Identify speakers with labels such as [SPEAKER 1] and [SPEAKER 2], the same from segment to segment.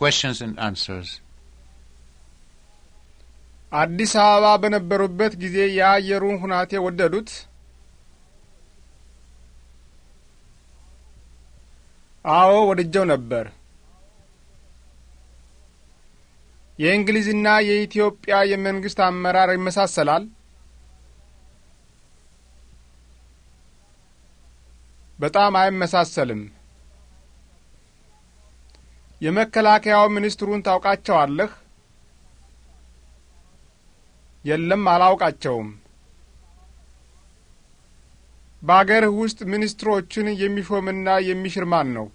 [SPEAKER 1] questions and answers. አዲስ አበባ በነበሩበት ጊዜ የአየሩን ሁናቴ ወደዱት? አዎ ወድጀው ነበር። የእንግሊዝና የኢትዮጵያ የመንግስት አመራር ይመሳሰላል? በጣም አይመሳሰልም። የመከላከያው ሚኒስትሩን ታውቃቸዋለህ? የለም፣ አላውቃቸውም። በአገርህ ውስጥ ሚኒስትሮችን የሚሾምና የሚሽር ማን ነው?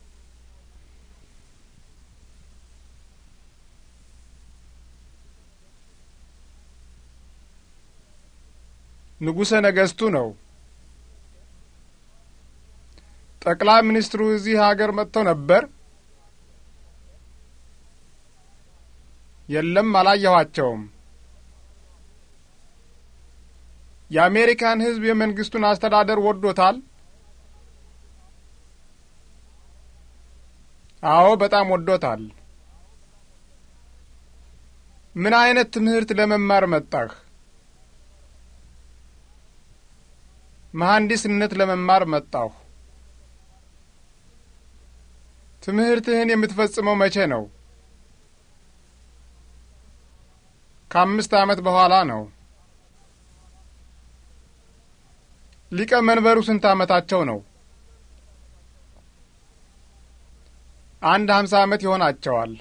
[SPEAKER 1] ንጉሠ ነገሥቱ ነው። ጠቅላይ ሚኒስትሩ እዚህ አገር መጥተው ነበር? የለም፣ አላየኋቸውም። የአሜሪካን ሕዝብ የመንግስቱን አስተዳደር ወዶታል? አዎ፣ በጣም ወዶታል። ምን አይነት ትምህርት ለመማር መጣህ? መሐንዲስነት ለመማር መጣሁ። ትምህርትህን የምትፈጽመው መቼ ነው? ከአምስት ዓመት በኋላ ነው። ሊቀ መንበሩ ስንት ዓመታቸው ነው? አንድ ሀምሳ ዓመት ይሆናቸዋል።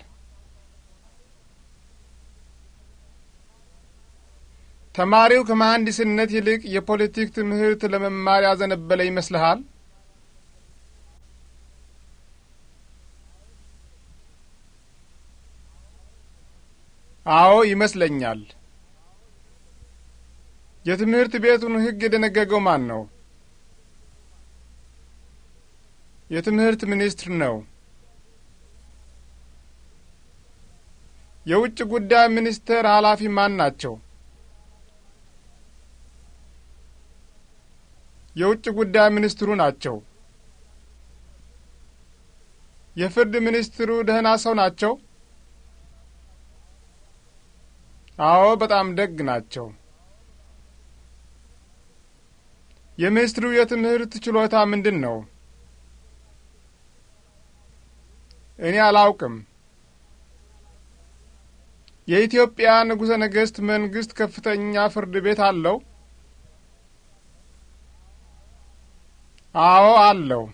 [SPEAKER 1] ተማሪው ከመሐንዲስነት ይልቅ የፖለቲክ ትምህርት ለመማር ያዘነበለ ይመስልሃል? አዎ ይመስለኛል። የትምህርት ቤቱን ሕግ የደነገገው ማን ነው? የትምህርት ሚኒስትር ነው። የውጭ ጉዳይ ሚኒስቴር ኃላፊ ማን ናቸው? የውጭ ጉዳይ ሚኒስትሩ ናቸው። የፍርድ ሚኒስትሩ ደህና ሰው ናቸው? አዎ፣ በጣም ደግ ናቸው። የሚኒስትሩ የትምህርት ችሎታ ምንድን ነው? እኔ አላውቅም። የኢትዮጵያ ንጉሠ ነገሥት መንግሥት ከፍተኛ ፍርድ ቤት አለው? አዎ አለው።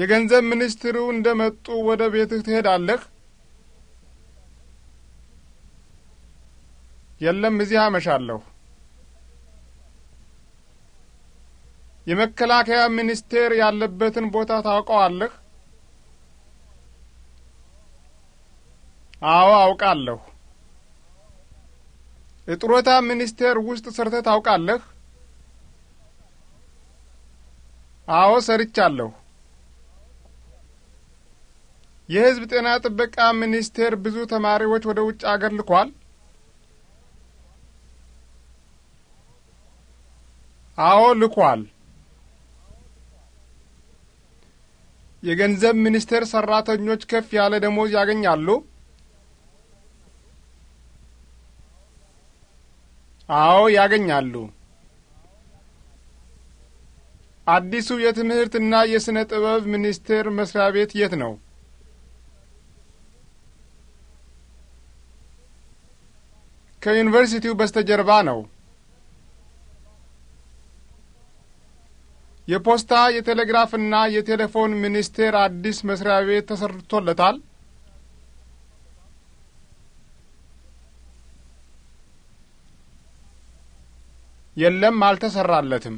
[SPEAKER 1] የገንዘብ ሚኒስትሩ እንደ መጡ ወደ ቤትህ ትሄዳለህ? የለም እዚህ አመሻለሁ። የመከላከያ ሚኒስቴር ያለበትን ቦታ ታውቀዋለህ? አዎ አውቃለሁ። የጡረታ ሚኒስቴር ውስጥ ሰርተህ ታውቃለህ? አዎ ሰርቻለሁ። የሕዝብ ጤና ጥበቃ ሚኒስቴር ብዙ ተማሪዎች ወደ ውጭ አገር ልኳል። አዎ ልኳል። የገንዘብ ሚኒስቴር ሰራተኞች ከፍ ያለ ደሞዝ ያገኛሉ? አዎ ያገኛሉ። አዲሱ የትምህርትና የሥነ ጥበብ ሚኒስቴር መስሪያ ቤት የት ነው? ከዩኒቨርሲቲው በስተጀርባ ነው። የፖስታ የቴሌግራፍና የቴሌፎን ሚኒስቴር አዲስ መስሪያ ቤት ተሰርቶለታል። የለም፣ አልተሰራለትም።